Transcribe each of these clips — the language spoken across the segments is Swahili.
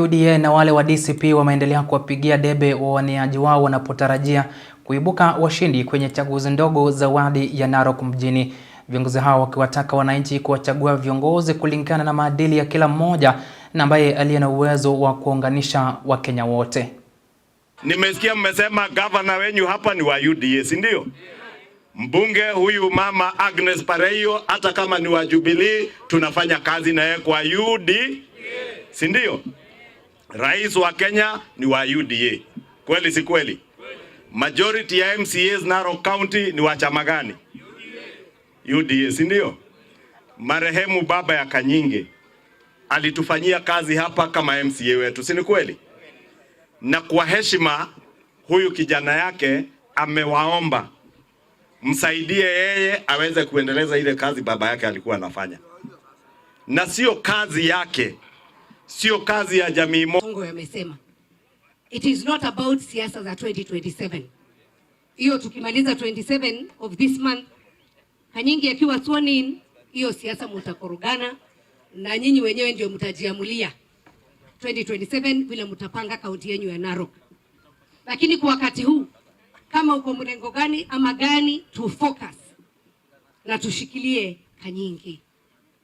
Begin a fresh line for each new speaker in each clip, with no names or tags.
UDA na wale wa DCP wameendelea kuwapigia debe wawaniaji wao wanapotarajia kuibuka washindi kwenye chaguzi ndogo za wadi ya Narok mjini. Viongozi hao wakiwataka wananchi kuwachagua viongozi kulingana na maadili ya kila mmoja na ambaye aliye na uwezo wa kuunganisha Wakenya wote.
Nimesikia mmesema gavana wenyu hapa ni wa UDA, si ndio? Mbunge huyu mama Agnes Pareiyo hata kama ni wa Jubilee tunafanya kazi na yeye kwa UDA, si ndio? Rais wa Kenya ni wa UDA. Kweli si kweli? Majority ya MCAs Narok County ni wa chama gani? UDA. UDA, si ndio? Marehemu baba ya Kanyinge alitufanyia kazi hapa kama MCA wetu, si ni kweli? Na kwa heshima huyu kijana yake amewaomba msaidie yeye aweze kuendeleza ile kazi baba yake alikuwa anafanya, na sio kazi yake sio kazi ya jamii moja.
Songo amesema it is not about siasa za 2027. Hiyo tukimaliza 27 of this month, kanyingi akiwa sworn in, hiyo siasa mutakorogana na nyinyi wenyewe ndio mtajiamulia 2027 vile mtapanga kaunti yenu ya Narok. Lakini kwa wakati huu kama uko mrengo gani ama gani, tu focus na tushikilie Kanyingi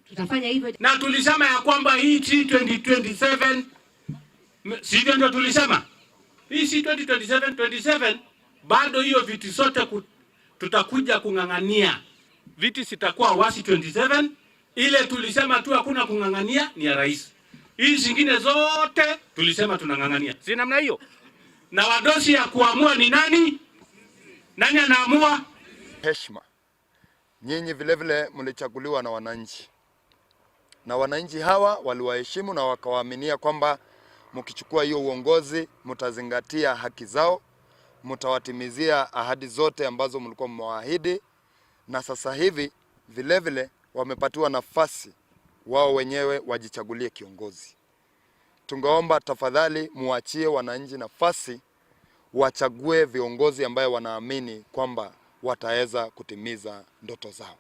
tutafanya hivyo, na tulisema ya kwamba hii G2027 sivyo? Ndio tulisema hii si 2027 27 bado hiyo viti zote tutakuja kung'ang'ania viti, sitakuwa wasi 27 ile tulisema tu hakuna kung'ang'ania ni ya rais. Hii zingine zote tulisema tunang'ang'ania, si namna hiyo? Na wadosi ya kuamua ni nani? Nani anaamua?
Heshima, nyinyi vilevile mlichaguliwa na wananchi na wananchi hawa waliwaheshimu na wakawaaminia kwamba mkichukua hiyo uongozi mtazingatia haki zao, mtawatimizia ahadi zote ambazo mlikuwa mmewaahidi. Na sasa hivi vilevile wamepatiwa nafasi wao wenyewe wajichagulie kiongozi. Tungeomba tafadhali muachie wananchi nafasi wachague viongozi ambayo wanaamini kwamba wataweza kutimiza ndoto zao.